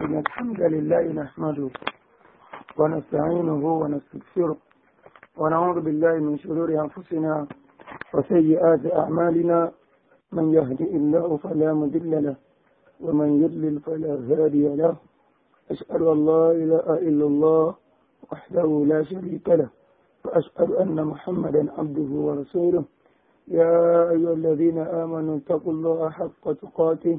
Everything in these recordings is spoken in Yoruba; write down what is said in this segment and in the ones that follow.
إن الحمد لله نحمده ونستعينه ونستغفره ونعوذ بالله من شرور أنفسنا وسيئات أعمالنا من يهدئ الله فلا مضل له ومن يضلل فلا هادي له أشهد أن لا إله إلا الله وحده لا شريك له وأشهد أن محمدا عبده ورسوله يا أيها الذين آمنوا اتقوا الله حق تقاته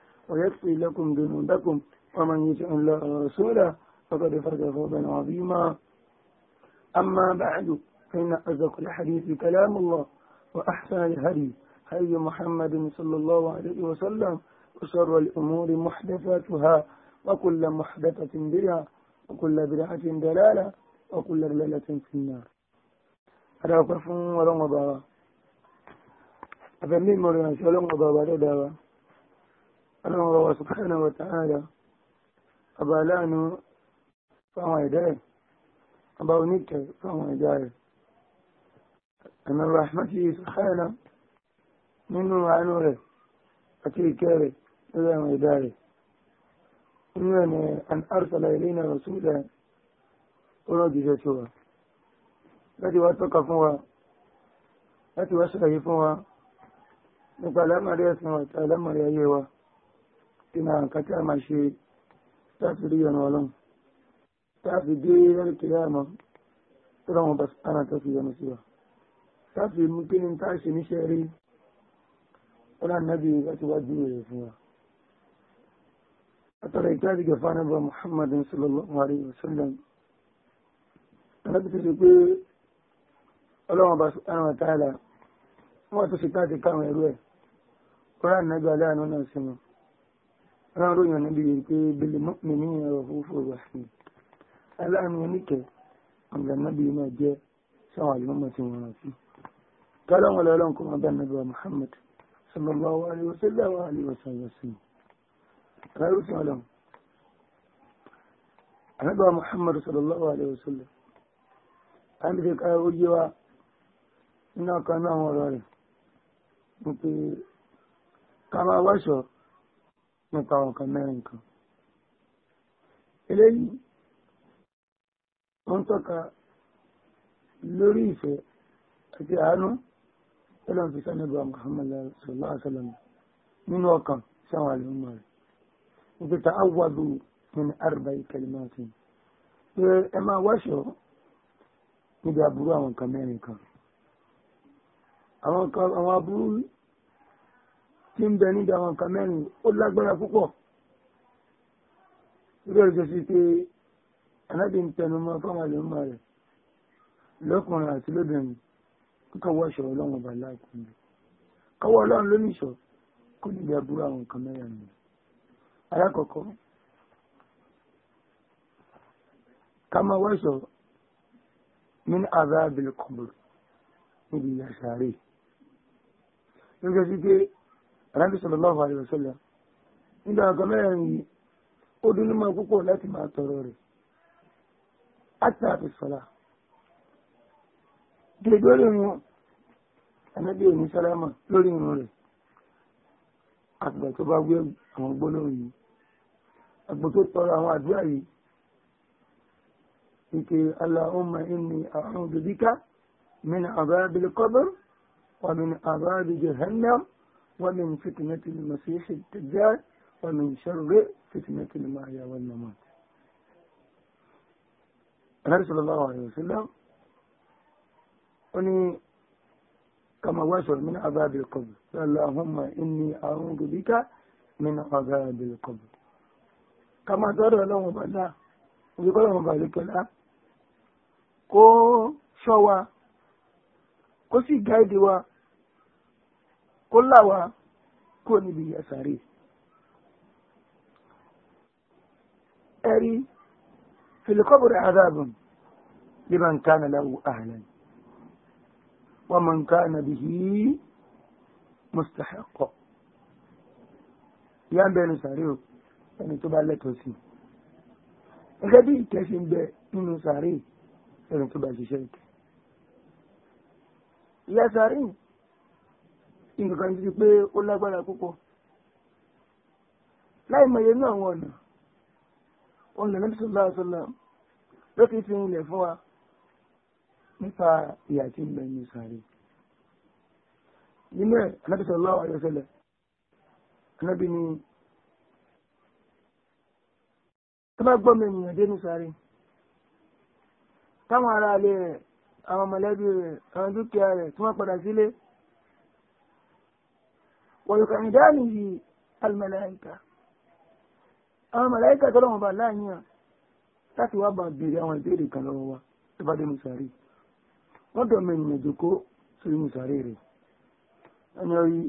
ويكفي لكم ذنوبكم ومن يطع الله ورسوله فقد فاز فوزا عظيما أما بعد فإن أصدق الحديث كلام الله وأحسن الهدي هدي محمد صلى الله عليه وسلم وشر الأمور محدثاتها وكل محدثة بدعة وكل بدعة دلالة وكل دلالة في النار أراكم ورمضان أفهمين مرنا شلون أبابا دابا ọlọ́run ọwọ́ subhanahu wa ta'ala ọba aláàánú fáwọn ẹ̀dá rẹ̀ ọba oníkẹ̀ fáwọn ẹ̀dá rẹ̀ ẹ̀mẹ́ rahmatu subhana nínú àánú rẹ̀ àti ìkẹ́ rẹ̀ lórí àwọn ẹ̀dá rẹ̀ inú ẹ̀ ni an arsala ilayna rasula ọ̀rọ̀ jíjẹ́ sí wa láti wá tọ́ka nípa alámàrí ẹ̀sìn àti alámàrí ayé wa nínú àwọn nǹkan tí a máa ṣe láti rí ọ̀nà ọlọ́run láti dé lórí kiri àmọ́ tó lọ́wọ́ bá sùpánà tó fi yọnu sí wa láti mú kí ni tá a ṣe níṣẹ́ rí ọ̀nà nàbí láti wá dúró rẹ̀ fún wa. أترى إيجاد جفانا محمد صلى الله عليه وسلم أنا بتسيبي ọlọ́wọ́n bá sùpánà wà táàlà wọ́n tó sì káàkiri káwọn ẹ̀rú ẹ̀ kọ́ra nàgbà aláàánú náà sí wọn náà ròyìn níbi pé bílẹ̀ mọ́pin ní ọ̀fọ̀fọ̀ rẹ̀ aláàánú oníkẹ́ ọ̀gbẹ̀mọ́bí náà jẹ́ sáwọn àlùmọ́ tí wọ́n rántí kọ́lọ́wọ́n lọ́lọ́n kọ́ ọ̀dà nàbí wa Muhammad sallallahu alaihi wa sallam alaihi wa sallam ráyé sí ọlọ́run ànábì wa Muhammad sallallahu alaihi wa sallam àmì ti káyọ̀ ojú wa nínú ọkàn náà wọ́n rọrùn wípé ká máa wáṣọ̀ọ́ nípa àwọn kan mẹ́rin kan. eléyìí wọ́n tọ́ka lórí ìfẹ́ àti àánú tọ́lọ́ fi sánẹ́gbà Muhammad sallallahu alaihi wasallam nínú ọkàn sáwọn àlùmọ́ rẹ̀ wípé ta áwàdù min arba'i kalimatin pé ẹ máa wáṣọ níbi aburú àwọn kan mẹ́rin kan àwọn aburú tí ń bẹ níbi àwọn nǹkan mẹ́rin ó lágbára púpọ̀ lórí tó sì pé anábì ń tẹnu mọ́ fáwọn àlèmọ́ rẹ̀ lọ́kùnrin àti lóbìnrin kíkọ́wọ́ ṣọ̀ ọlọ́run ọba láàkúndé kọ́wọ́ ọlọ́run ló nìṣọ́ kó níbi àbúrò àwọn nǹkan mẹ́rin rẹ̀ alákọ̀ọ́kọ́ ká máa wáṣọ min azabil kubur níbi ìyàsáré lórí sì pé anábì sallallahu alaihi wasallam nígbà nǹkan mẹ́rin yìí ó dúnú mọ́ púpọ̀ láti máa tọrọ rẹ̀ àti àti sọ̀la dèjò lórí wọn anábì òní sálámà lórí irun rẹ̀ àgbà tó bá gbé àwọn gbólóhùn yìí àgbà tó tọrọ àwọn àdúrà yìí ike Allahumma inni a'udhu bika min adhabil qabr wa min adhabi jahannam ومن فتنة المسيح التجار ومن شر فتنة المحيا والممات النبي صلى الله عليه وسلم أني كما وصل من عذاب القبر اللهم إني أعوذ بك من عذاب القبر كما ترى لهم بلا ويقول لهم بارك الله kó ṣọ́ wa kó sì gáìdì wa kó là wá kó níbi yẹsàrí ẹ̀rí filikọ́bùrù àdáàbùn liman kana lahu ahlan wa man kana bihi mustahiqo ìyá ń bẹ ẹnu sàárè o ẹni tó bá lẹ́tọ̀ọ́ sí gẹ́gẹ́ bí ìtẹ́ ń bẹ nínú sàárè ẹni tó bá ṣiṣẹ́ ìtẹ́ ìyá sàárè yìí nǹkan kan ti di pé ó lágbára púpọ̀ láì mọye ní àwọn ọ̀nà ọ̀nà lẹ́nu sọ́lá sọ́lá ló fi fi ilẹ̀ fún wa nípa ìyà tí ń bẹ ní sàárè nínú ẹ̀ anábì sallallahu alaihi wasallam anábì ni tó bá gbọ́ mi ènìyàn dé ní sàárè táwọn ará ilé rẹ̀ àwọn mọ̀lẹ́bí rẹ̀ àwọn dúkìá rẹ̀ tí wọ́n padà sílé ويقعدانه الملائكة أما ملائكة تلوم بالله láti wá bá béèrè àwọn ìbéèrè kan lọ́wọ́ wa tó bá dé musari wọ́n dọ̀ mẹ́rin ìjòkó sórí musari rẹ̀ ẹni orí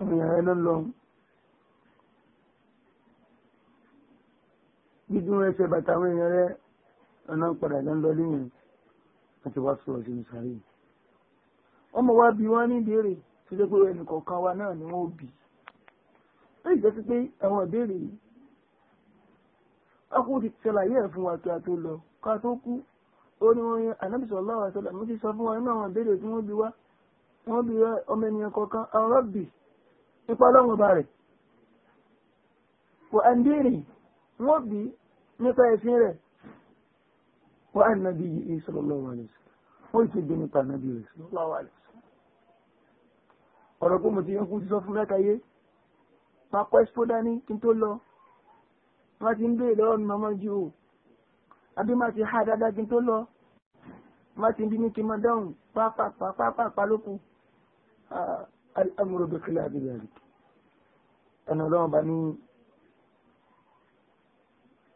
ènìyàn rẹ̀ ló lọ dídún ẹsẹ̀ bàtà àwọn èèyàn rẹ̀ ọ̀nà padà ló wa bí wọ́n tó jẹ́ pé ẹnì kọ̀ọ̀kan wa náà ni wọ́n bì ó sì jẹ́ sí pé àwọn ìbéèrè yìí ọkùnrin ti ṣàlàyé ẹ̀ fún wa kí a tó lọ ká tó kú ó ní wọ́n yan Ànábì sallallahu alaihi wasallam mo ti sọ fún wa nínú àwọn ìbéèrè tí wọ́n bi wá wọ́n bi ọmọ ènìyàn kọ̀ọ̀kan àwọn rọ́bì nípa ọlọ́run ọba rẹ̀ wọ́n àǹdíìrì wọ́n bi nípa ẹ̀sìn rẹ̀ wọ́n ànábì yìí sallallahu alaihi wasallam wọ́n ti bi nípa ànábì rẹ̀ sallallahu alaihi wasallam ọ̀rọ̀ pé mo ti yàn fún ti sọ fún mẹ́ta yé máa kọ́ ẹ́sípó dání kí n tó lọ máa ti ń béèrè lọ́wọ́ mi màmá ju o àbí máa ti há dáadáa kí n tó lọ máa ti ń bí ní kí n máa dáhùn pápápápápá lókun amúrò bẹ́kẹ́lẹ́ àbílẹ̀ rẹ̀ ẹnu ọlọ́run bá ní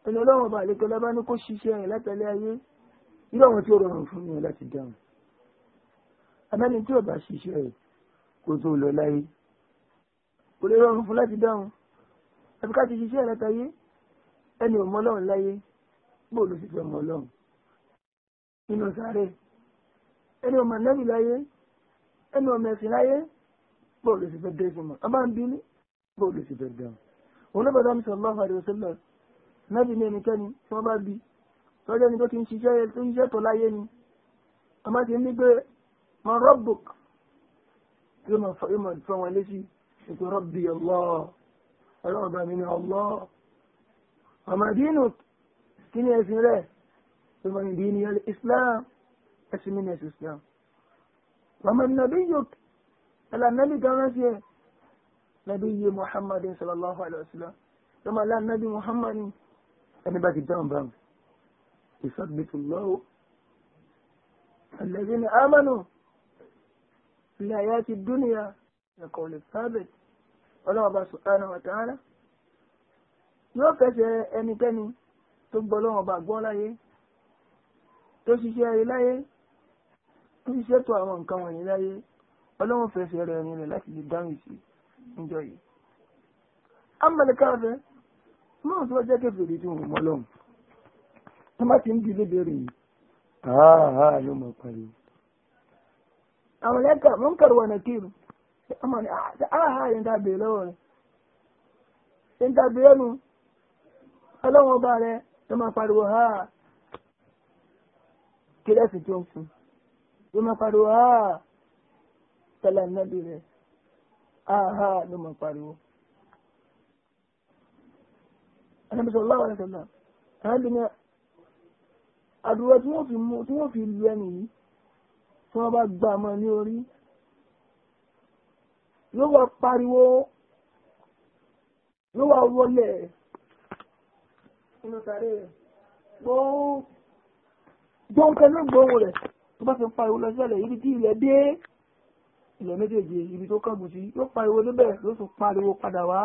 ẹnu ọlọ́run bá àlékọ́ lábá ní kó ṣiṣẹ́ rẹ̀ látàlẹ́ ayé irú àwọn tí ó rọrùn fún mi láti dáhùn abẹ́ni tí ò bá ṣiṣẹ́ rẹ̀ kó tó lọ láyé kò lè rọrùn fún láti dáhùn àbí ká ti ṣiṣẹ́ rẹ tayé ẹni ò mọ Ọlọ́run láyé bóòlù sì fẹ́ mọ Ọlọ́run nínú sáré ẹni ọmọ nẹ́bì láyé ẹni ọmọ ẹ̀sìn láyé bóòlù sì fẹ́ dé sí mọ́ ọba ń bí ní bóòlù sì fẹ́ dẹ̀ òun ló bàtà mùsùlùmí sallallahu alaihi wasallam nẹ́bì ní ẹnikẹ́ni tí wọ́n bá bí tọ́jú ẹni tó ti ń ṣiṣẹ́ tó ṣiṣẹ́ tó láyé ni ọmọ ti ń yóò máa fọ yóò máa fọ wọn létí ètò rọ́bì Allah ọlọ́run bá mi ní Allah ọmọdínú kí ni ẹ̀sìn rẹ̀ tó máa ń di ní Islam ẹ̀sìn mi ní ẹ̀sìn Islam ọmọdínàbí yòók ẹlànàbí kan rántí ẹ̀ nàbí yé Muhammad sallallahu alayhi wa sallam tó máa lá nàbí Muhammad ẹni bá ti dáhùn bá mi ìfọ̀gbẹ̀tù lọ́wọ́ الذين آمنوا في الحياة الدنيا يقول الثابت الله سبحانه وتعالى yóò kẹsẹ̀ ẹnikẹ́ni tó gbọ́ lọ́wọ́ bá gbọ́ láyé tó ṣiṣẹ́ rí láyé tó ṣiṣẹ́ tó àwọn nǹkan wọ̀nyí láyé ọlọ́wọ́ fẹsẹ̀ rẹ̀ ẹni rẹ̀ láti lè dáhùn sí níjọ yìí. amẹ́lẹ́kàfẹ́ náà tó jẹ́ kẹfìrí tí wọ́n mọ́ lọ́hùn tó má ti ń di lébèrè yìí àá àá yóò mọ̀ pariwo àwọn lẹ́kà munkar wa nakiru sai amma ah, ne a ah, ha ah, yin ta bèèrè lọ́wọ́ rẹ̀ yin ta bèèrè nu ọlọ́wọ́n bá rẹ̀ tó máa pariwo ha kílẹ̀sì tó ń fún tó máa pariwo ha tẹ̀lé nàbì rẹ̀ a ha ló máa pariwo. Ànábì sallallahu alaihi wasallam ànábì ni àdúrà tí wọ́n fi lu ẹni yìí tí wọ́n bá gbà mọ́ ní orí ló wá pariwo ló wá wọlé inú tàrí rẹ̀ gbọ́n kan ló gbọ́n rẹ̀ tó bá fi ń pariwo lọ sílẹ̀ ibi tí ilẹ̀ dé ilẹ̀ méjèèjì ibi tó kángun sí ló pariwo níbẹ̀ ló sì pariwo padà wá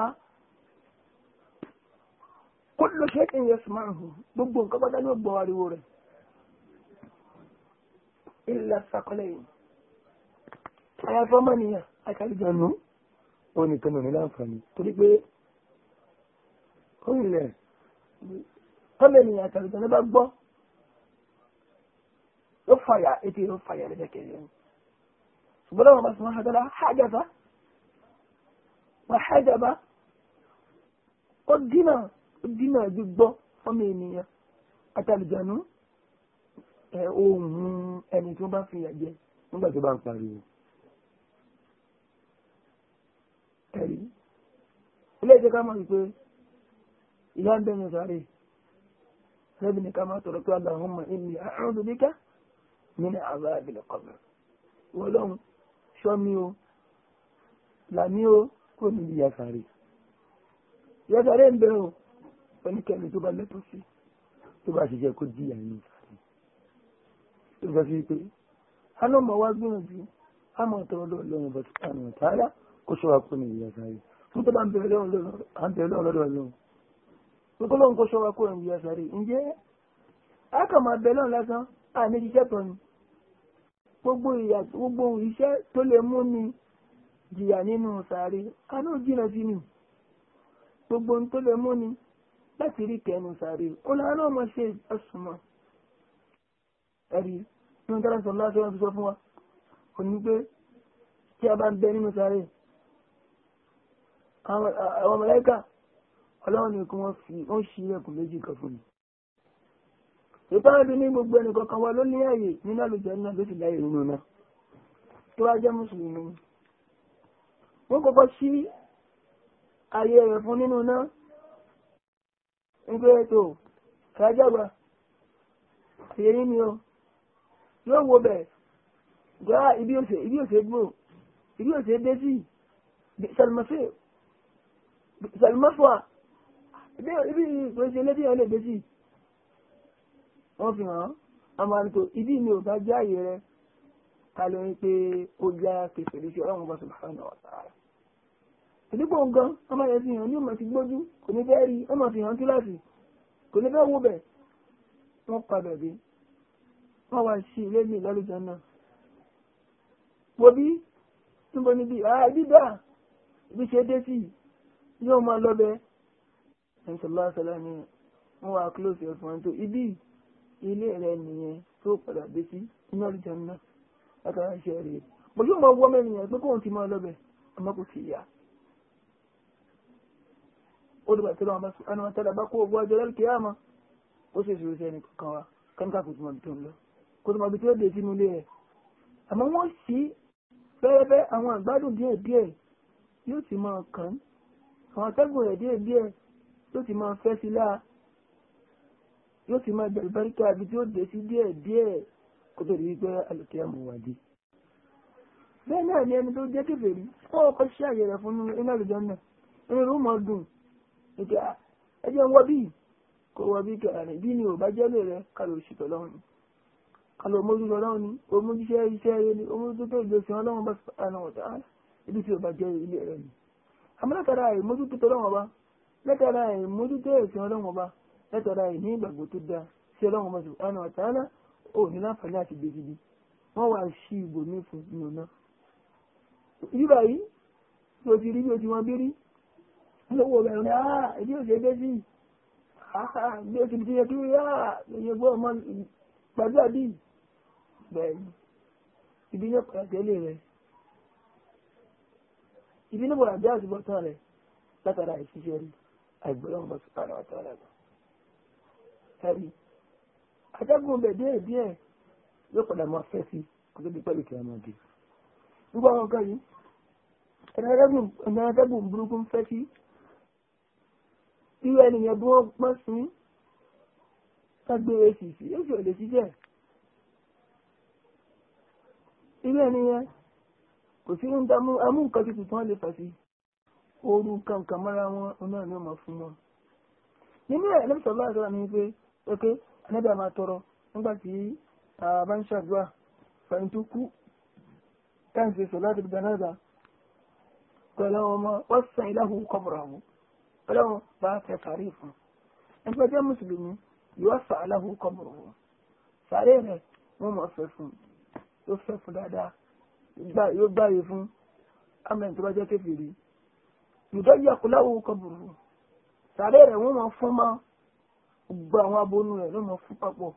kó ló ṣe é yẹ sùmáàrùn gbogbo nǹkan pátá ló gbọ́ ariwo rẹ̀ ilẹ̀ sàkọlẹ̀yìn àyàfọ́ mọ́nìyàn akálùjọ́nù ó ní tọ́nà ní láǹfààní torí pé ó ilẹ̀ tọ́lẹ̀nìyàn akálùjọ́nù bá gbọ́ ló fàyà ètò ìlú fàyà lẹ́jẹ̀ kẹrin ẹni ṣùgbọ́n láwọn bá sọ́nà àdára hájàbá wọ́n hájàbá ó dínà ó dínà gbígbọ́ fọ́mọ ènìyàn akálùjọ́nù ẹ ohun ẹni tí wọ́n bá fìyà jẹ nígbà tó bá ń pariwo ẹ̀rí ilé ìjẹ́ ká mọ̀ wípé ìyá ń bẹ̀rẹ̀ sáré lẹ́bi ní ká máa tọ̀rọ̀ pé Allahumma inni a'udhu bika min azabil qabr wọ́n lọ́hùn ṣọ́ mi o làmí o kò ní ìyá sáré ìyá sáré ń bẹ̀rẹ̀ o oníkẹ́ni tó bá lẹ́tọ̀ọ́ sí tó bá ṣiṣẹ́ kó jìyà yìí tó bá sí pé alọ́mọ wa gbìyànjú a máa tọrọ lọ́wọ́ lọ́wọ́ bá ti tààrà tààrà kó ṣọ́ wa kó ní ìyá sáré fún tó bá ń bẹ̀rẹ̀ lọ́wọ́ lọ́dọ̀ lọ́wọ́ pípọ́ lọ́wọ́ kó ṣọ́ wa kó ní ìyá sáré ǹjẹ́ a kàn máa bẹ̀rẹ̀ lọ́wọ́ lásán a ní iṣẹ́ tán ni gbogbo ìyà gbogbo iṣẹ́ tó lè mú ni jìyà nínú sáré a náà jìnà sí ni gbogbo ohun tó lè mú ni láti rí kẹ́nu sáré ó náà mọ̀ ṣe ọ̀sùnmọ́ ẹ̀rí tí wọ́n tẹ́lẹ̀ sọ lọ́wọ́ tí sọ fún wa kò ní pé tí a bá ń bẹ nínú sáré àwọn mọ̀lẹ́kà ọlọ́run nìkan wọ́n fi ó ń ṣí ẹkùn méjì kan fún mi. ìpáàdé ní gbogbo ẹnì kankan wa ló ní ààyè nínú àlùjọ náà ló sì láyè nínú náà tó wá jẹ́ mùsùlùmí. wọ́n kọ́kọ́ ṣí ààyè rẹ̀ fún nínú náà ń gbé ètò kájágbá àyè ni o yóò wo bẹ̀ gbá ibi òsè ibi òsè gbò ibi òsè dé sí sàlùmọ́fẹ́ sàlùmọ́fọ́à ibi ìgbò ṣe létí yẹn lè dé sí wọ́n fi hàn án àmàntò ibi ni ò bá jẹ́ àyè rẹ ká ló ń pé ó já kẹfẹ́ lè ṣe ọlọ́run bá subhanahu wa ta'ala ìdígbò gan ọmọ yẹn fi hàn ní ọmọ ti gbójú kò ní fẹ́ rí ọmọ fi hàn kíláàsì kò ní fẹ́ wo bẹ̀ wọ́n padà dé wọ́n wá sí ilé mi lálùjọ náà wo bí túnbọ̀ níbi àá dídá ibi ṣe dé sí yóò máa lọ bẹ ẹnṣọlá ṣọlá ni wọ́n wá close your phone tó ibi ilé rẹ nìyẹn tó padà dé sí ní àlùjọ náà látara iṣẹ́ rẹ̀ mo yóò máa wọ́ mẹ́rin yẹn pé kóun ti máa lọ bẹ àmọ́ kò sì yá ó dùgbà tí wọ́n bá sọ tẹ́lẹ̀ bá kó owó ọjọ́ lẹ́lẹ́kẹ́ àmọ́ ó sì ṣòro sí ẹnì kankan wa kẹ́ńtà kò tún mọ̀ tó ń lọ kò tó mọ ibi tí ó lè sínú ilé rẹ̀ àmọ́ wọ́n sì pẹ́ẹ́pẹ́ àwọn àgbádùn díẹ̀ díẹ̀ yóò ti máa kàn àwọn atẹ́gùn rẹ̀ díẹ̀ díẹ̀ yóò ti máa fẹ́ sí láà yóò ti máa bẹ̀rẹ̀ báríkà ibi tí ó dé sí díẹ̀ díẹ̀ kó tó di wípé àlùkí àmúwádìí. bẹ́ẹ̀ náà ni ẹni tó jẹ́ kèfèrí wọ́n kọ́ ṣe àyè rẹ̀ fún iná àlùjọ náà inú ló mọ̀ dùn ẹjẹ́ wọ́ bí kò wọ́ bí kẹrẹ̀ bí ni ò bá jẹ́ lè rẹ̀ kàlò òṣìṣẹ́ lọ́rùn kálọ̀ ọmọdúnṣe ọlọ́run ni ọmọdúnṣe iṣẹ́ eré ni ọmọdúnṣe ìjọsìn ọlọ́run bá sọ̀rọ̀ àwọn ọ̀tá ah, ibi tí ó bá jẹ́ ilé rẹ̀ ni. àmọ́ látara àìmójútó ọlọ́run ọba látara àìmójútó ẹ̀sìn ọlọ́run ọba látara àìní ìgbàgbọ́ tó dáa sí ọlọ́run ọba sọ̀rọ̀ ọ̀tá náà ò ní láǹfààní àti gbèsìdì wọ́n wá sí ìbò ní fún ní ọ̀nà. yíba yìí ló ti rí bí o ti wọn bí rí lówó rẹ̀ ní àá èdè òṣèré bẹ́ẹ̀ bẹ́ẹ̀ni ibi yóò kọ́ àtẹ́lẹ̀ rẹ̀ ibi ní bọ̀dà jẹ́ àtúbọ̀tán rẹ̀ látara ìṣiṣẹ́ rí àìgbọ́dọ̀ ọmọ sùpàrọ̀ àtàrà lọ. ẹ̀rí atẹ́gùn bẹ̀ díẹ̀ díẹ̀ yóò padà máa fẹ́ sí kó tó di pẹ́lú kí a máa di. gbogbo àwọn kan yìí ẹ̀nà atẹ́gùn burúkú ń fẹ́ sí irú ẹnìyẹn bí wọ́n pọ́n sí ká gbé èsì sí èsì ò lè ṣiṣẹ́ ilé ẹni yẹn kò sí ń dámú amú nǹkan tuntun tí wọ́n lè fà sí ooru kankan mọ́ra wọn onáà ni ó máa fún wọn. nínú ẹ̀ ẹ̀lẹ́bí sọ̀rọ̀ láti sọ̀rọ̀ ni pé ok ẹ̀lẹ́bí a máa tọrọ nígbà tí a bá ń ṣàdúrà fẹ̀yìn tó kú káyìí ṣe láti gbà náà dà pẹ̀lú ọmọ wọ́n sàn iláhù kọ́bùrọ̀ àwọn ọlọ́run bá fẹ́ sàárè fún ẹgbẹ́ jẹ́ mùsùlùmí yóò sàn iláhù kọ́bùrọ̀ àwọn sàárè rẹ̀ wọ́n mọ̀ fẹ́ fún un yóò fẹ́ fún dáadáa yóò gbáyé fún amẹ́ni tó bá jẹ́ kéfìrí yùdọ́ yà kó láwo kọ bùrù sàárẹ̀ rẹ̀ wọ́n máa fún máa gbogbo àwọn abonú rẹ̀ ló máa fún papọ̀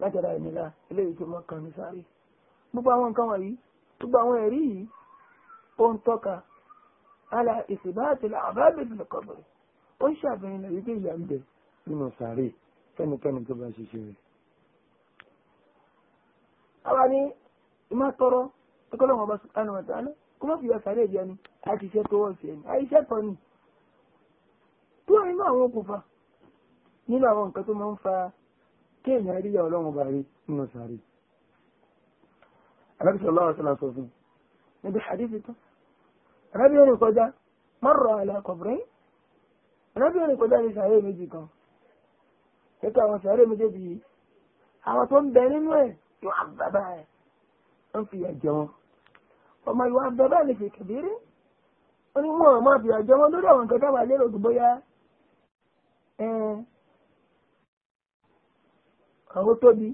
látara ìnira eléyìí tó máa kàn ní sáré gbogbo àwọn nǹkan wọ̀nyí gbogbo àwọn ẹ̀rí yìí ó ń tọ́ka ala ìsìbáàtì àbábẹ́bí lọ́kọ̀ bẹ̀rẹ̀ ó ń ṣàbẹ̀yìn lẹ́yìn pé ìyá ń bẹ̀ nínú sàárè fẹ́nikẹ́ni tó bá ṣiṣẹ́ rẹ̀. àwa ní ìmá tọrọ ọkọlọ́wọ́n ọba sùkánù ọ̀tàlá kó má fi wá sàárè ìdí ẹni àti iṣẹ́ tó wọ́n sí ẹni àìṣẹ́ tọ́ ni tó nínú àwọn okùnfà nínú àwọn nǹkan tó máa ń fa kéèyàn ríyà ọlọ́run ọba rí nínú sàárè alábi sọlá ọ̀sán sọ fún níbi àdífi tán alábi ẹni kọjá márùn àlà kọ̀bùrẹ́ alábi ẹni kọjá ní sàárè méjì kan ètò àwọn sàárè méjèèjì yìí àwọn tó ń bẹ nínú ẹ̀ yóò àbábá ẹ̀ ń fi ẹ̀jẹ̀ wọn ọmọ ìwà bẹ́ẹ̀ lè fi kẹ̀bírí ó ní wọn ọmọ ìfìyà jẹ wọn lórí àwọn nǹkan táwọn àlérò tó bóyá àwọn tóbi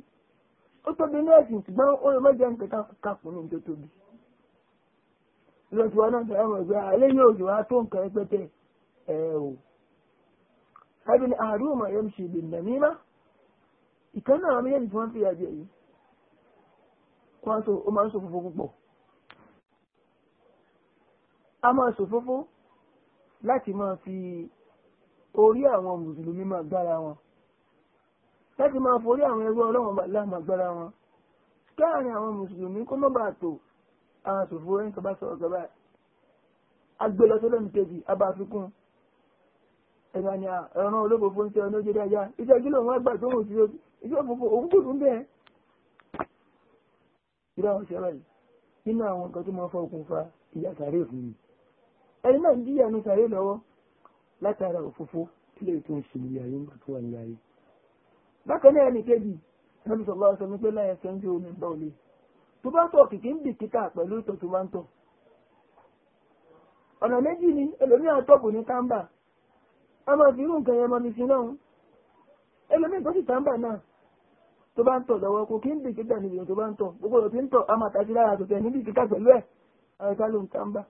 ó tóbi ní ẹ̀sìn ṣùgbọ́n ó lè mọ́jẹ́ nǹkan kakùn ní tó tóbi lọ́sùwọ́n náà tẹ̀lé àwọn ìgbé alẹ́ yóò yọ wá tó nǹkan pẹ́tẹ́ ẹ̀ o sábẹ́ ni àrùn ọmọ yẹn ń ṣe ìgbìmọ̀ mímá ìkànnì àwọn méjèèjì tí wọ́n fi àjẹ yìí kwanso ó máa ń ṣòfófó púpọ̀ a máa ṣòfófó láti máa fi orí àwọn mùsùlùmí máa gbára wọn láti máa forí àwọn ẹgbẹ́ ọlọ́wọ́n bàlá máa gbára wọn káàrin àwọn mùsùlùmí kó má bàa tó àwọn ṣòfófó ẹni tó bá sọ̀rọ̀ gbàgbà agbélọ́sọ́lọ́nù kejì abáfikún ẹ̀rọ ni ẹ̀rọ olófòfó ń tẹ ọ lójú dájá iṣẹ́ kí lóun wá gbà tó ń wò sí ojú òfófó òun kò tún bẹ́ẹ̀ irú àwọn ṣe báyìí nínú àwọn nǹkan tó máa fọ okùnfà ìyá sàárè fún mi ẹni náà ń díyà ní sàárè lọ́wọ́ látara òfófó tí lè tún ṣe ìyá yìí nígbà tó wà ní ayé bákan náà kejì ẹni sọ̀rọ̀ ọ̀sẹ̀ ní pé láyé sẹ́ńdí omi bá òle tó bá tọ̀ kìkì ń bì kíkà pẹ̀lú ìtọ̀ tó máa ń tọ̀ ọ̀nà méjì ni ẹlòmíràn ní kámbà a máa fi irú tó bá ń tọ̀ lọ́wọ́ kó kí ń bì kíkà níbi tó bá ń tọ̀ gbogbo òtí ń tọ̀ a máa tàbí lára àtọ̀tẹ̀ níbi kíkà pẹ̀lú ẹ̀ àwọn ìka ló ń tàǹbà.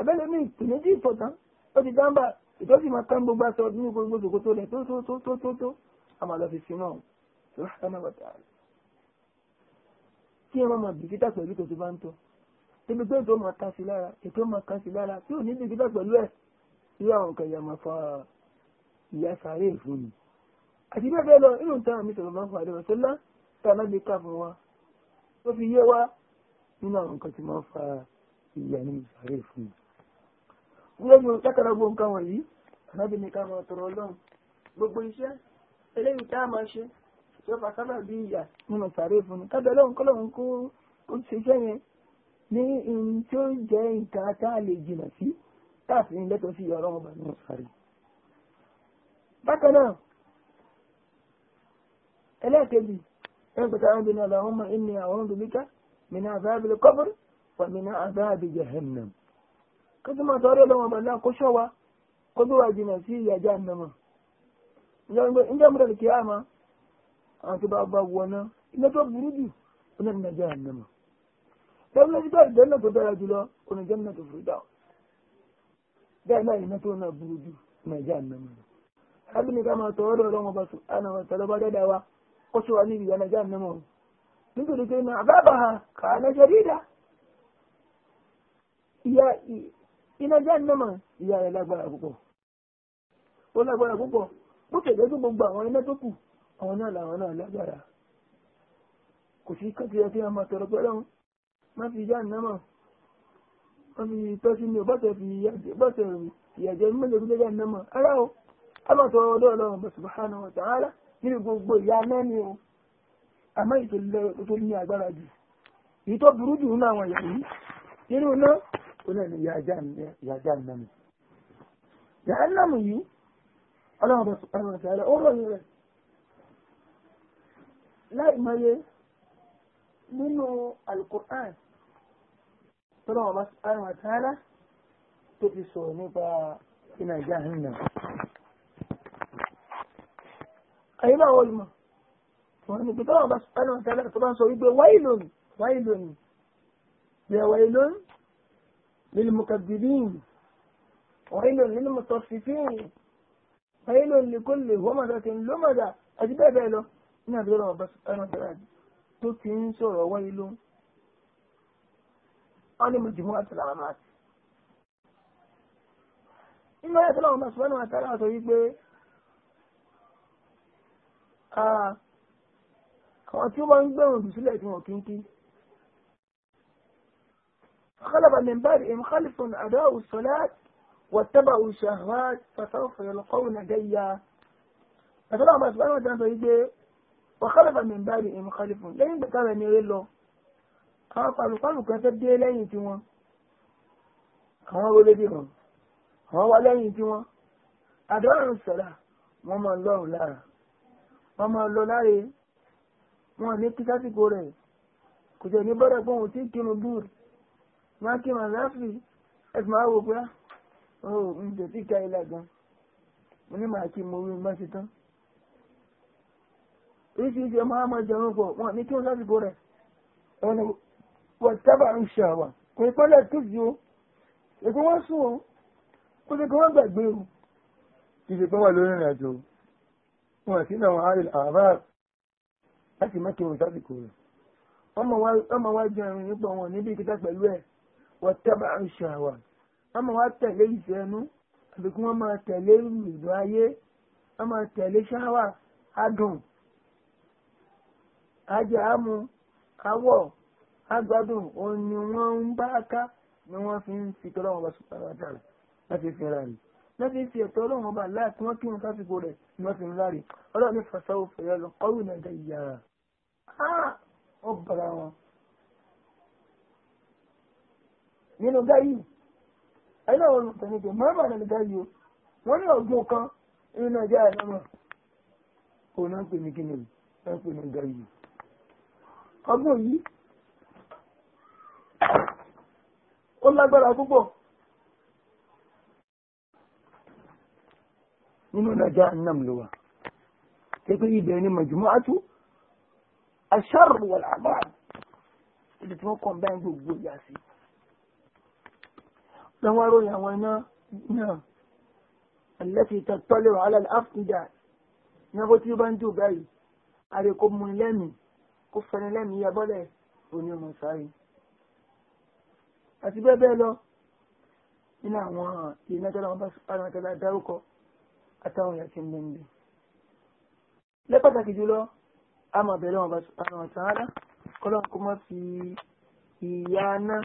abẹ́lẹ̀ mi kìíní tí ìfọ̀tán ó ti tàǹbà ìtọ́sí máa tán gbogbo aṣọ nínú gbogbo ṣòkòtò rẹ̀ tó tó tó tó tó tó a máa lọ fi sinú ọ̀hún tó bá tán náà kí ẹ máa bì pẹ̀lú tó bá ń tọ̀ tẹ́lẹ̀ pé ètò máa kan sí lára ètò máa kan sí lára tí ò ní bì pẹ̀lú ẹ̀ irú àwọn kan máa fa ìyá sáré ìfún àti bẹ́ẹ̀ bẹ́ẹ̀ lọ inú ta àmì sọ̀rọ̀ lọ́fọ̀ àdéhùn sọ́lá tá a lábẹ́ ká fún wa ó fi yé wa nínú àwọn nǹkan tí máa ń fa ìyá ní ìsàrè fún mi. wọ́n mú lákàrà gbogbo nǹkan wọ̀nyí arábìnrin ká máa tọrọ ọlọ́run gbogbo iṣẹ́ eléyìí tá a máa ṣe tó fà sábà bí ìyá nínú ìsàrè fún mi kábẹ́ lọ́run kọ́lọ́run kó ó ṣe iṣẹ́ yẹn ní ihun tí ó jẹ́ nǹkan tá a lè jìnà sí táàfin lẹ́tọ̀ọ́ sí ọlọ́run bá nínú ìsàrè. bákan náà ẹlẹ́ẹ̀kejì ẹgbẹ̀ta ẹ̀bìn Allahumma inni a'udhu bika min adhabil qabr wa min adhabi jahannam kí tó máa tọrọ lọ́wọ́ bàlá kó ṣọ́wa kó tó wà jìnà sí ìyà jahannama ìjọ mú dàbí kíyàmá àwọn tó bá bá wọná iná tó burú jù ó náà nà jahannama lẹ́yìn lọ́jọ́ tó ìjọ náà tó dára jùlọ ó nà jahannama tó fúrú dáwọ́ bẹ́ẹ̀ náà iná tó náà burú jù nà jahannama ẹbí ni ká máa kó sọ wa níbi ìyànà jáde mọ́ nítorí pé náà àbábà hàn kà á lọ́jọ́ dídá ìyá iná jáde mọ́ ìyá rẹ̀ lágbára púpọ̀ ó lágbára púpọ̀ bó tẹ̀lé tó gbogbo àwọn iná tó kù àwọn náà làwọn náà lágbára kò sí kọ́tù yẹ kí wọ́n máa tọrọ pẹ́lú ọ̀hún má fi jáde mọ́ wọ́n fi tọ́sí ní ọbọ̀tẹ̀ fi ìyàjẹ́ mélòó lé jáde mọ́ ara o a máa tọrọ ọdọ́ ọlọ́run subhanahu wa ta'ala nínú gbogbo ìyá mẹ́ni o àmọ́ ìtòlẹ́ ní agbára jù èyí tó burú jù nínú àwọn ìyàwó nínú náà ó náà ní ìyá jáàmù jáàmù yìí ọlọ́run bá sọ̀rọ̀ sọ̀rọ̀ ó rọ̀ rẹ̀ láì mọye nínú alukur'an tọ́lọ́wọ́ bá sọ̀rọ̀ tó fi sọ̀rọ̀ nípa iná jáàmù àyè bá wọ́n mọ̀ wọ́n ní pípẹ́ wọn bá sọ́nà tẹ́lẹ̀ tó bá ń sọ wípé wáyé lónìí wáyé lónìí bẹ́ẹ̀ wáyé lónìí للمكذبين ويل للمتصفين ويل لكل همزة لمزة أجباء باله إن هذا الله بس أنا تعالى تتين سورة ويل أنا من جمهورة العامات إما يتلعه الله سبحانه وتعالى ويقول Ah. àwọn tí wọ́n ń gbẹ̀rùn jù sílẹ̀ tí wọ́n kí ń kí. خلف من بعدهم خلف أداءوا الصلاة واتبعوا الشهوات فسوف يلقون جيا فسلام الله سبحانه وتعالى sọ wípé وخلف من بعدهم خلف lẹ́yìn gbẹ̀tàrà ni eré lọ àwọn pàlùpàlù kan fẹ́ dé lẹ́yìn tí wọ́n àwọn wọlé bí wọn àwọn wá lẹ́yìn tí wọ́n àdọ́rùn sọ̀rà wọ́n mọ̀ lọ́rùn lára wọ́n máa lọ láre wọn ní kí sásìkò rẹ̀ kò tẹ̀ ní bọ́dọ̀ pé òun tí kírun dùn máa kírun àláfì ẹ̀sùn máa wò pé ó ń tètè ká ilà gan mo ní màá kí mo rí bá ti tán oríṣiríṣi ọmọ àmọ́ jẹun pọ̀ wọn ní kírun sásìkò rẹ̀ wọn ni wọ́n tábà ń ṣàwà kò ní pọ́lẹ̀ tó ju o èkó wọ́n sùn o kó lè kó wọ́n gbàgbé o. kí ṣe pé wà lórí ìrìn àjò o wọn sí náà àárẹ̀ àbá láti mọ́kìrún sásìkò rẹ̀ ọmọ wa jẹun nípa wọn níbi ìkẹta pẹ̀lú ẹ̀ wọ́n tẹ́bà ń ṣàwà ọmọ wa tẹ̀lé ìfẹ́ ẹnu àbí kí wọ́n máa tẹ̀lé ìlú ayé wọ́n máa tẹ̀lé ṣáwà adùn ajé àmú awọ agbádùn òun ni wọ́n ń bá ká ni wọ́n fi ń fi tọ́lọ́wọ́n bá sùn láti fi ra rẹ̀ lọ́bí fi ẹ̀tọ́ ọlọ́run ọba láti wọ́n kí wọn káfíkò rẹ̀ ni wọ́n fi ń láre ọlọ́run ní fasáwò fẹ̀yà lọ kọ́rù náà dá ìyá rà ó bara wọn. nínú gáyì ayé àwọn olùtẹ̀nìkè mọ́ọ́mà nínú gáyì o wọ́n ní ọ̀gbun kan nínú ọjà ẹ̀ kò náà pè ní kíni náà pè ní gáyì ọgbọ́n yìí ó lágbára púpọ̀. nínú nàjà nàmlò wa tẹ́pẹ́ ibẹ̀ ni majmu'atu ash-sharr wal-'adab ibi tí wọ́n kọ̀ báyìí gbogbo ìyá sí. lọ́wọ́ ròyìn àwọn iná náà التي تطلع على الأفئدة nígbà tí ó bá ń dùn báyìí àrè kò mú lẹ́mì kò fẹ́ni lẹ́mì yẹ bọ́lẹ̀ òní ọmọ sáré àti bẹ́ẹ̀ bẹ́ẹ̀ lọ nínú àwọn ìnájọ́ làwọn bá sọ́kàrà àtàwọn èèyàn ti mú un bì. lẹ́pàtàkì jùlọ a máa bẹ̀rẹ̀ wọn bá àwọn àtàrà kọ́lọ́n kó má fi ìyà náà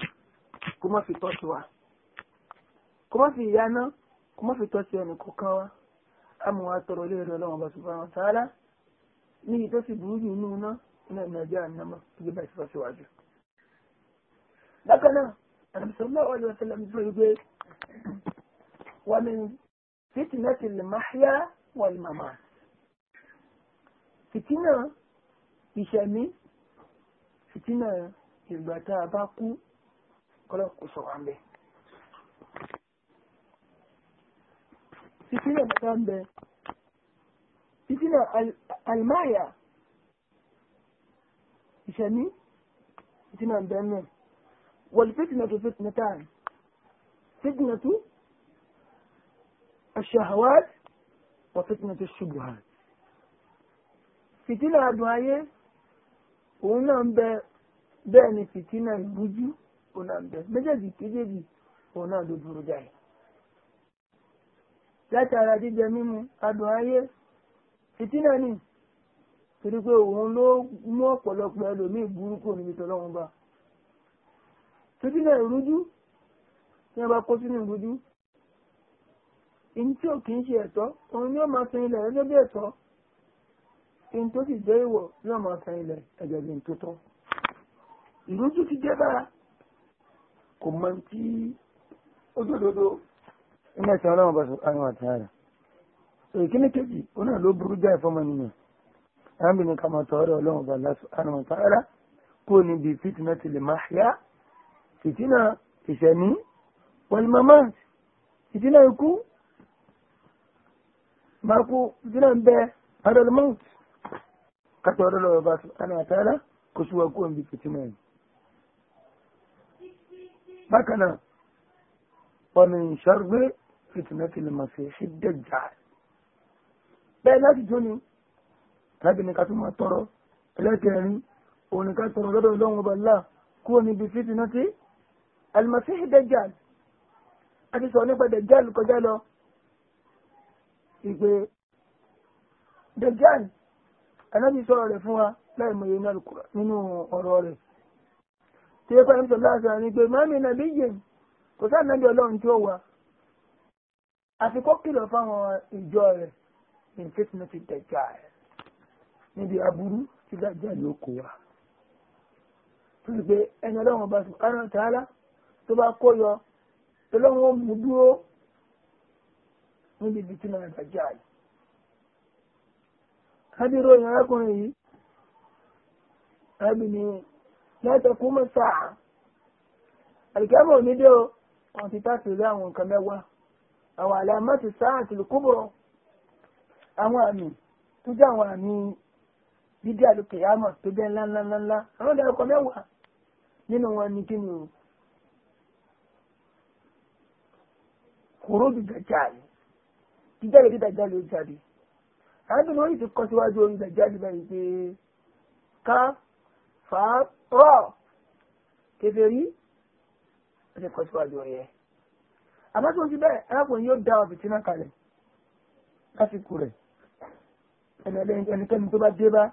kó má fi tọ́ sí wa kó má fi ìyà náà kó má fi tọ́ sí ẹnì kọ̀ọ̀kan wa a mọ̀ wá tọrọ ilé ìrọ̀lẹ́ wọn bá àwọn àtàrà ní ìtọ́ sì burú jù nínú náà ní nàìjíríà nàmọ́ gẹ́gẹ́ bá ìṣọ́ síwájú. bákan náà àdàbìsọ̀ náà wà ف ت ن ة المحيا والممات ف ت ن ة بشامي ف ت ن ة يبقى باكو كلا قصر عمي ف ت ن ة مكان ب ف ت ن ة المحيا بشامي ف ت ن ة مدانه والفتنه فتنتان فتنه الشهوات وفتنة الشبهات fìtínà adùn ayé òun náà ń bẹ bẹ́ẹ̀ ni fìtínà ìrújú òun náà ń bẹ méjèèjì kéjèèjì òun náà ló dúró jáì látara jíjẹ mímu adùn ayé fìtínà ni torí pé òun ló mú ọ̀pọ̀lọpọ̀ ẹlòmíì burúkú níbi tọ́lọ́wọ́n bá fìtínà ìrújú tí wọ́n bá kó sínú ìrújú ìní tí ò kì í ṣe ẹ̀tọ́ òun ni ó máa san ilẹ̀ gẹ́gẹ́ bí ẹ̀tọ́ ìní tó sì jẹ́ ìwọ̀ ni ó máa san ilẹ̀ ẹ̀jẹ̀ bí tó tọ́ ìlú tún ti jẹ́ bára kò mọ tí ó dòdòdó. ilé ìtàn ọlọ́run bá sọ àwọn àti ara ìkíní kejì ó náà ló burú jáì fọmọ nìyẹn arábìnrin kan máa tọ́ ọ̀rọ̀ ọlọ́run bá lásán àwọn àti ara kó níbi fìtínà ti lè máa yá fìtínà ìṣẹ̀mí wal mamat fìtínà ikú marku zinan bɛ adal maut ka tɔɔrɔ lɔbɔ ba su ana taala ko suwa ko bi fitima yi bakana wa min sharri fitnati al-masih ad-dajjal bẹ́ẹ̀ láti jóni tàbí ní ká tún máa tọrọ ẹlẹ́kẹrin òun ní ká tọrọ lọ́dọ̀ ọlọ́run ọba ńlá kúrò níbi fitnati al-masih ad-dajjal a ti sọ nípa dajjal kọjá lọ ìpè dẹjàn ànábì sọ̀rọ̀ rẹ̀ fún wa láì mọye nínú ọ̀rọ̀ rẹ̀ tí ó pẹ́ ní sọ̀rọ̀ láti rẹ̀ ni pé mami nàbí yẹn kò sáà nàbí ọlọ́run tí ó wà àfi kó kìlọ̀ fáwọn ìjọ rẹ̀ in case ti dẹjà rẹ̀ níbi aburú tí dájà ló kó wa tó ti pé ẹni ọlọ́run bá sùn kárọ̀ tààlà tó bá kó yọ ọlọ́run ó mú dúró fún bíbí tí máa gbàjá yìí kábíró ìyẹn arákùnrin yìí rábì ni látẹkùn mọ sáà àlìkámọ onídé o wọn ti tàṣì rí àwọn nǹkan mẹ́wàá àwọn àlàmọ ti sáà àti lùkúbọrọ àwọn àmì tó jẹ àwọn àmì dídí àlùkè àmọ tó jẹ ńláńláńlá àwọn ìdárúkọ mẹ́wàá nínú wọn ni kí ni o kòró dùjà jáde jíjáde bí dàjálì ó jáde àádọ́ ni wọ́n yìí ti kọ́ síwájú orí dàjálì báyìí pé ká fà á rọ̀ kèfèrí ó ti kọ́ síwájú orí ẹ̀ àmọ́ tó ti bẹ́ẹ̀ arákùnrin yóò dá ọ̀bì tí náà kalẹ̀ lásìkò rẹ̀ ẹnikẹ́ni tó bá dé bá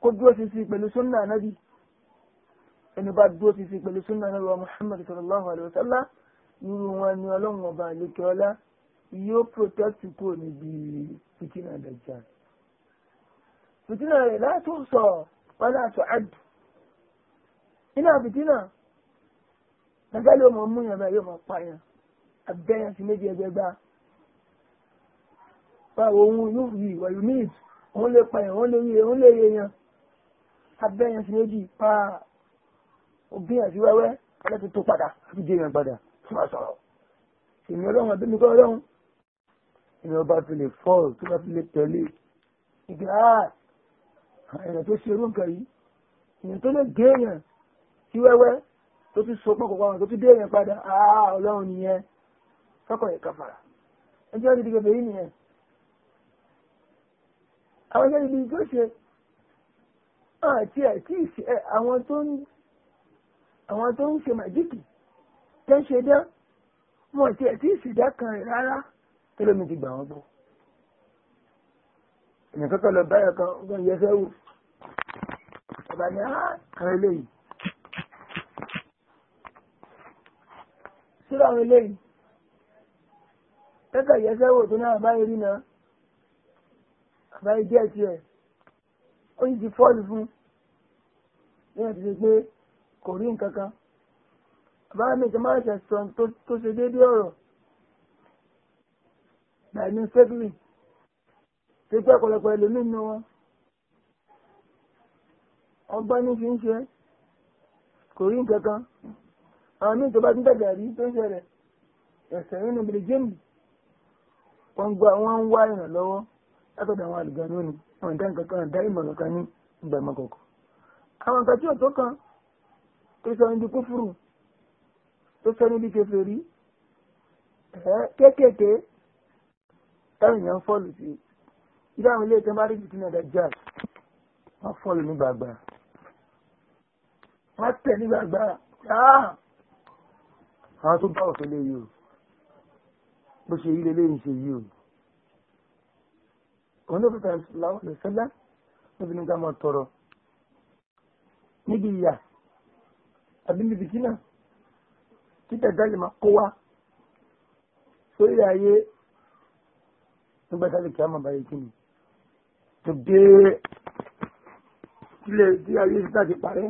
kó dúró sísí pẹ̀lú súnnà nábì ẹni bá dúró sísí pẹ̀lú súnnà nábì wa Muhammad sallallahu alaihi wa sallam irú wọn ni ọlọ́run ọba àlekẹ́ ọlá yóò protect kúrò níbi fitina dajjal fitina rẹ̀ láti sọ wọn láti àdù iná fitina dajjal yóò mọ mú yẹn bẹ́ẹ̀ yóò mọ pa yẹn abẹ́yẹn sí méjì ẹgbẹ́gbá báwo ohun yóò yí ìwà yóò níìd òun lè pa yẹn òun lè yí òun lè yé yẹn abẹ́yẹn sí méjì pa òbí yẹn sí wẹ́wẹ́ alẹ́ tó tó padà àti jẹ́ yẹn padà fún àṣọ ìmọ̀ ọlọ́run àbí mi kọ́ ọlọ́run ni ọba fi lè fọ́ọ̀lù tó bá fi lè tẹ̀lé ìgbà ẹ̀rẹ̀ tó ṣe irú nǹkan yìí ìyẹn tó lè gé èèyàn sí wẹ́wẹ́ tó ti so pọ̀ pọ̀ tó ti dé èèyàn padà àá ọlọ́run nìyẹn sọ́kọ̀ yẹn kàfàrà ẹjọ́ ìdí gẹ̀gẹ̀ yìí nìyẹn àwọn ẹjọ́ ìdí tó ṣe àti àti ìṣe àwọn tó ń àwọn tó ń ṣe màjíkì tẹ́ ń ṣe dá wọn àti àti ìṣèdá kan rárá tó lómi ti gbà wọ́n gbọ́ nìkan kan lọ báyọ̀ kan ó kàn yẹsẹ́ wò ọba ní àwọn eléyìí síra àwọn eléyìí kẹ́kẹ́ yẹsẹ́ wò tó ní àwọn báyìí rí náà àbáyé díẹ̀ tiẹ̀ ó yìí ti fọ́ọ̀lù fún lẹ́yìn ti ṣe pé kò rí nǹkan kan àbáyé mi ti máa ṣẹ̀ sọ tó ṣe déédéé ọ̀rọ̀ by mistakenly tó pẹ́ ọ̀pọ̀lọpọ̀ ẹlòmínú wọn ọgbọ́n ní fi ń ṣe kò rí nǹkan kan àwọn míì tó bá tún dàgbà rí tó ń ṣẹlẹ̀ ẹ̀sẹ̀ nínú ìbílẹ̀ jẹ́mù wọ́n gba wọ́n ń wá ìrànlọ́wọ́ látọ̀dọ̀ àwọn àlùgbànú ni wọ́n dá nǹkan kan dá ìmọ̀ kankan ní ìgbà ìmọ̀kọ̀kọ̀ àwọn nǹkan tí ò kan tó sọ ní kúfùrù tó sọ ní di kèfèrí kéékèèké táwọn èèyàn fọ́ọ̀lù sí irú àwọn ilé ìtàn bá rí fìtínà Dajjal wọ́n fọ́ọ̀lù ní gbàgbà wọ́n tẹ̀ ní gbàgbà àwọn tó bá ọ̀fẹ́ lé yìí o bó ṣe yí lélẹ́yìn ṣe yìí o òun ló fẹ́fẹ́ láwọn lè sẹ́lá níbi ní ká mọ̀ tọrọ níbi ìyà àbí níbi kí náà títẹ̀ jáde máa kó wá sórí ayé nígbà tá a lè kí a máa báyìí kí ni tó dé kílẹ̀ tí ayé sísá ti parẹ́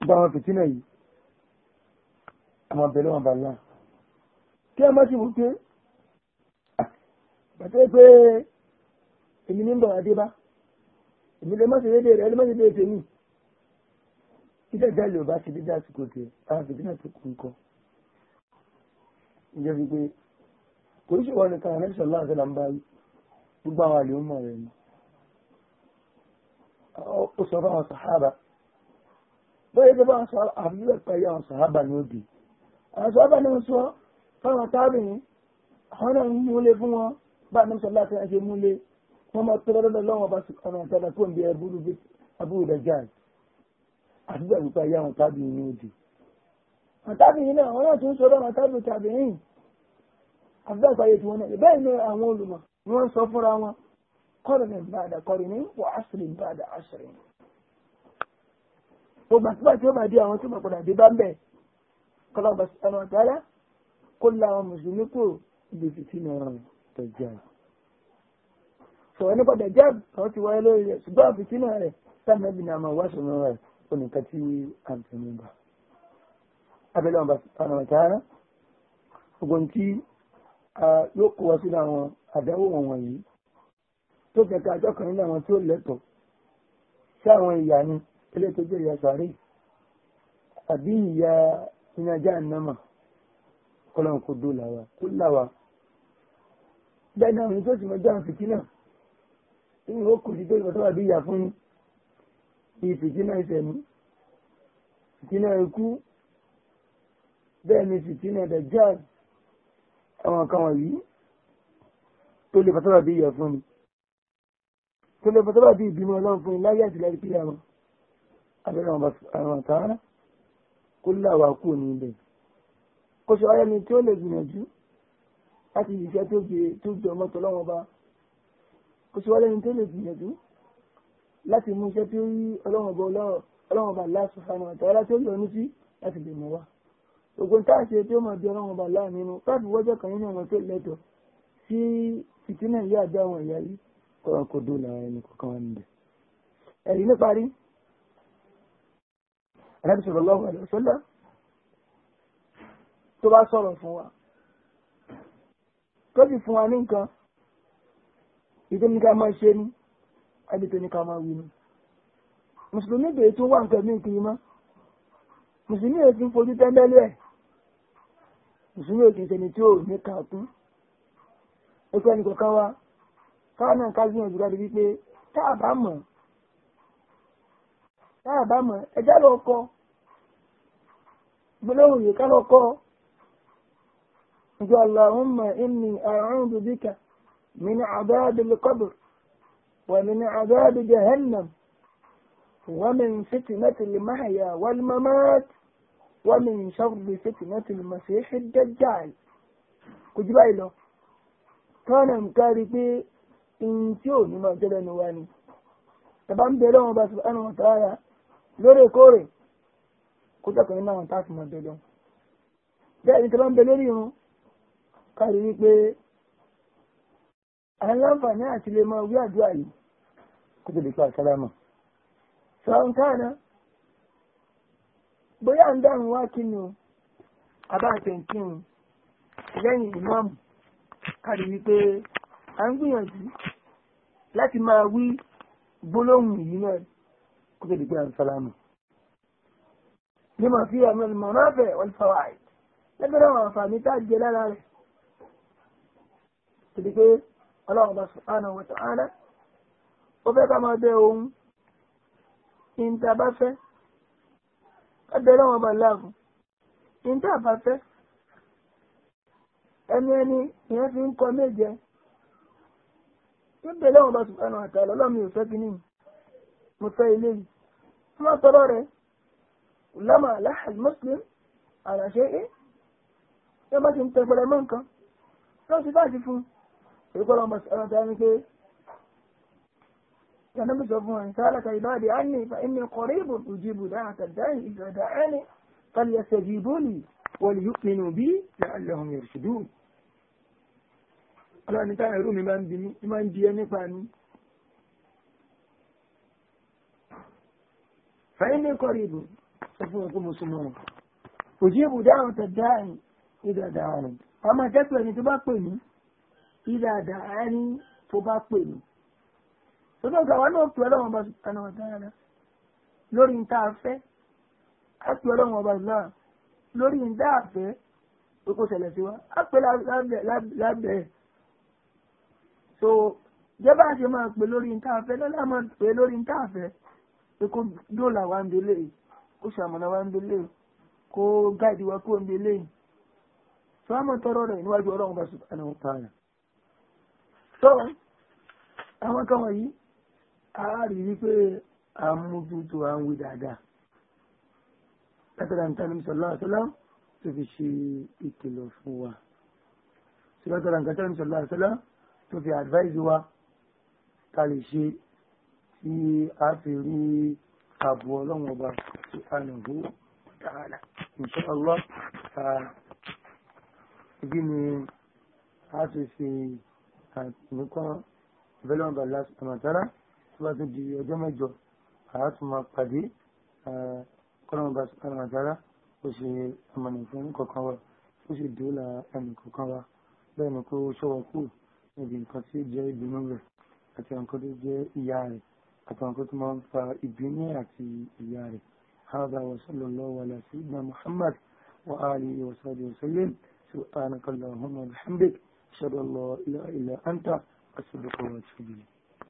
gba àwọn fìtínà yìí àwọn abẹ́lẹ́ wọn bá ń lá kí a má sì wú pé bàtẹ́ pé èmi ní ń bọ̀ adé bá èmi lè má ṣe déédéé rẹ̀ lè má ṣe déédéé tèmi títẹ̀ tí a lè bá ṣe déédéé àsìkò tẹ̀ àwọn fìtínà tó kù ń kọ́ ìjọba pé kò sí wọn nìkan àná ìṣọ̀lá àti làǹbá gbogbo àwọn àlè ọmọ rẹ̀ ni ó sọ fún àwọn sàhábà bóyá ìjọba àwọn sọ àbúrò ẹ̀pẹ́ yà àwọn sàhábà ní òbí àwọn sàhábà náà sọ fáwọn tábìrin àwọn náà ń múlé fún wọn bá àná ìṣọ̀lá àti ẹ̀ṣẹ̀ múlé wọn máa tọ́ lọ́dọ̀ lọ́wọ́ bá ọ̀nà ìṣọ̀lá kó ń bí ẹbúrú abúrú dẹ̀jáì àbúrò ẹ̀pẹ́ yà àwọn tábìrin ní òbí àtàbìrin náà wọn náà àbúdáṣà ayé tí wọ́n náà bẹ́ẹ̀ ni àwọn olùmọ̀ ni wọ́n sọ fúnra wọn kọ́rìnì bàdà kọ́rìnì wà ásìrì bàdà ásìrì. gbogbo àtúbà tí ó bá di àwọn tí mo padà dé bá ń bẹ̀ kọ́lá ọba sanu àtàlá kó la àwọn mùsùlùmí kúrò ibi fìtí ní ọ̀rọ̀ tẹ̀jà. sọ̀rọ̀ nípa tẹ̀jà kan ti wáyé lórí rẹ̀ ṣùgbọ́n fìtí náà rẹ̀ sáà mẹ́bí ni a máa wá sọ̀rọ̀ rẹ̀ onìkan tí a ń tẹ̀lé bá. abẹ́lẹ́ ọba sanu àtàlá ogun tí yóò kó wọn sínú àwọn àdáwò wọn wọ̀nyí tó kẹta ajọ́ kan nínú àwọn tí ó lẹ́tọ̀ọ́ sí àwọn ìyá ni ilé tó jẹ́ ìyá sàárè àbí ìyá iná jahannama kọ́lọ́n kò dó làwà kó làwà bẹ́ẹ̀ ni àwọn ìjọsìn mọ́jọ́ àwọn fìtínà nínú ó kò sí tó ìbọn sábà bí ìyá fún yín ìfìtínà ìṣẹ̀mí fìtínà ikú bẹ́ẹ̀ ni fìtínà dàjáàlì àwọn nǹkan wọ̀nyí tó lè fàtàbà bí ìyà fún mi tó lè fàtàbà bí ìbímọ ọlọ́run fún mi láyé àti láyé pílẹ̀ àwọn abẹ́rẹ́ àwọn àtàrà kó láwà kú ní ibẹ̀ kó ṣe wáyé ni tí ó lè gbìyànjú láti ìṣẹ́ tó gbé tó gbé ọmọ tó lọ́wọ́ bá kó ṣe wáyé ni tí ó lè gbìyànjú láti mú iṣẹ́ tí ó yí ọlọ́wọ́ bá Allah subhanahu wa ta'ala tí ó yọ ní sí láti lè wá ogun tá a ṣe tí ó máa di ọlọ́run bàlá nínú káàdì wọ́jọ́ kan nínú ọmọ tó lẹ́tọ̀ sí fìtínà ìyá àjọ àwọn ìyá yìí kọ́ra kò dó lára ẹni kọ̀ọ̀kan wà níbẹ̀. ẹ̀rí ní parí ẹ̀rẹ́bí sọ̀rọ̀ lọ́wọ́ ẹ̀rọ sọ́lá tó bá sọ̀rọ̀ fún wa tó sì fún wa ní nǹkan ìdí ní ká máa ṣe ní ẹbí tó ní ká máa wí ní. mùsùlùmí bèè tó wà nǹkan mí kì í ti ń fojú tẹ́ńbẹ́lú ẹ̀ mùsùlùmí ò kì í ṣẹni tí ò ní kà kún ó fẹ́ nìkan kan wá káwa náà ká gbìyànjú láti wípé tá a bá mọ̀ tá a bá mọ̀ ẹjá lọ kọ́ gbólóhùn yìí ká lọ kọ́ ìjọ Allahumma inni a'udhu bika min 'adhabil qabr wa min 'adhabi jahannam wa min fitnatil mahya wal mamat. ومن شر فتنة المسيح الدجال كجبا إلو كان مكاري بي إنتيو نما جلن واني تبان بيلون با سبحانه وتعالى لوري كوري كتا كننا وانتاس ما بيلون bẹ́ẹ̀ni tí wọ́n ń bẹ lórí wọn kárí wípé aláǹfààní àti lè máa wí àdúrà yìí kó tó lè pa àsálámà sọ̀rọ̀ nǹkan náà bóyá ń dáhùn wá kí ni abáǹtẹ̀ǹkìn lẹ́yìn ìmáàmù kárí wípé à ń gbìyànjú láti máa wí gbólóhùn yìí náà kó tó di pé à ń sálámù. lima fi àmì ọ̀nàmọ̀nàfẹ́ wal-fawaid lẹ́gbẹ̀rẹ́ àwọn àǹfààní tá a jẹ lára rẹ̀ tó di pé ọlọ́run bá subhanahu wa ta'ala ó fẹ́ ká máa bẹ ohun ìǹtà bá fẹ́ ẹbẹ̀rẹ̀ wọn bá láàfún níta àbáfẹ́ ẹni ẹni ìyẹn fi ń kọ méje níbẹ̀rẹ̀ wọn bá subhanahu wa ta'ala ọlọ́mi ò fẹ́ kínní mo fẹ́ ilé yìí wọ́n tọrọ rẹ̀ lámà aláhàj muslim àràṣe é yóò bá ti ń tẹ̀pẹ̀lẹ̀ mọ́ nǹkan lọ́sibáàsì fún ìrúkọ́ lọ́mọ sọ̀rọ̀ pé sanamu sọ fún wọn sára ka ìbáàdì á ní fa inni qaribun ujibu da'wata da'i idha da'ani falyastajibuni wal yu'minu bi la'allahum yarshudun ọlọ́ni táwọn ẹrú mi máa ń bí mi máa ń bí ẹ nípa mi fa inni qaribun sọ fún wọn kó mo súnmọ́ wọn ujibu da'wata da'i idha da'ani ọmọ ìtẹ́sọ̀ ẹni tó bá pè mí idha da'ani tó bá pè mí lórí ọ̀gá wa náà pè ọlọ́run ọba sùkánà ọ̀dáyàrá lórí nta afẹ́ á pè ọlọ́run ọba ìlànà lórí nta afẹ́ kókó ṣẹlẹ̀ sí wa á pè lábẹ́ so jẹ́bà ṣe máa pè lórí nta afẹ́ lọ́la máa pè lórí nta afẹ́ pé kó dóòlà wa ń délé kó ṣàmọ̀nà wa ń délé kó gáàdì wa kó ń délé tí wọ́n mọ̀ tọrọ rẹ̀ níwájú ọlọ́run ọba sùkánà ọ̀dáyàrá. So, àwọn kan wọ̀nyí a rí wípé à ń mójútó à ń wí dáadáa látara nǹkan níbi sọlá àṣọlá tó fi ṣe ìkìlọ̀ fún wa látara nǹkan níbi sọlá àṣọlá tó fi advice wa ká lè ṣe tí a fi rí ààbò ọlọ́run ọba tó ànàbó tààlà insha Allah ibi ni a ti fi àtìmíkọ́ ìbẹ́lẹ́ ọba lásìkò àmàtàrà tó bá ti di ọjọ́ mẹ́jọ àá tún máa pàdé kọ́nà bá sùpàrọ̀ àjárá ó ṣe àmàlà fún kọ̀ọ̀kan wa ó ṣe dòólà ẹnì kọ̀ọ̀kan wa bẹ́ẹ̀ ni kó ṣọ́wọ́ kù níbi nǹkan tí jẹ́ ìbínú rẹ̀ àti nǹkan tó jẹ́ ìyá rẹ̀ àti nǹkan tó máa ń fa ìbínú àti ìyá rẹ̀ هذا وصلى الله على سيدنا محمد وآله وصحبه وسلم سبحانك اللهم وبحمدك أشهد أن لا إله إلا أنت أستغفرك وأتوب إليك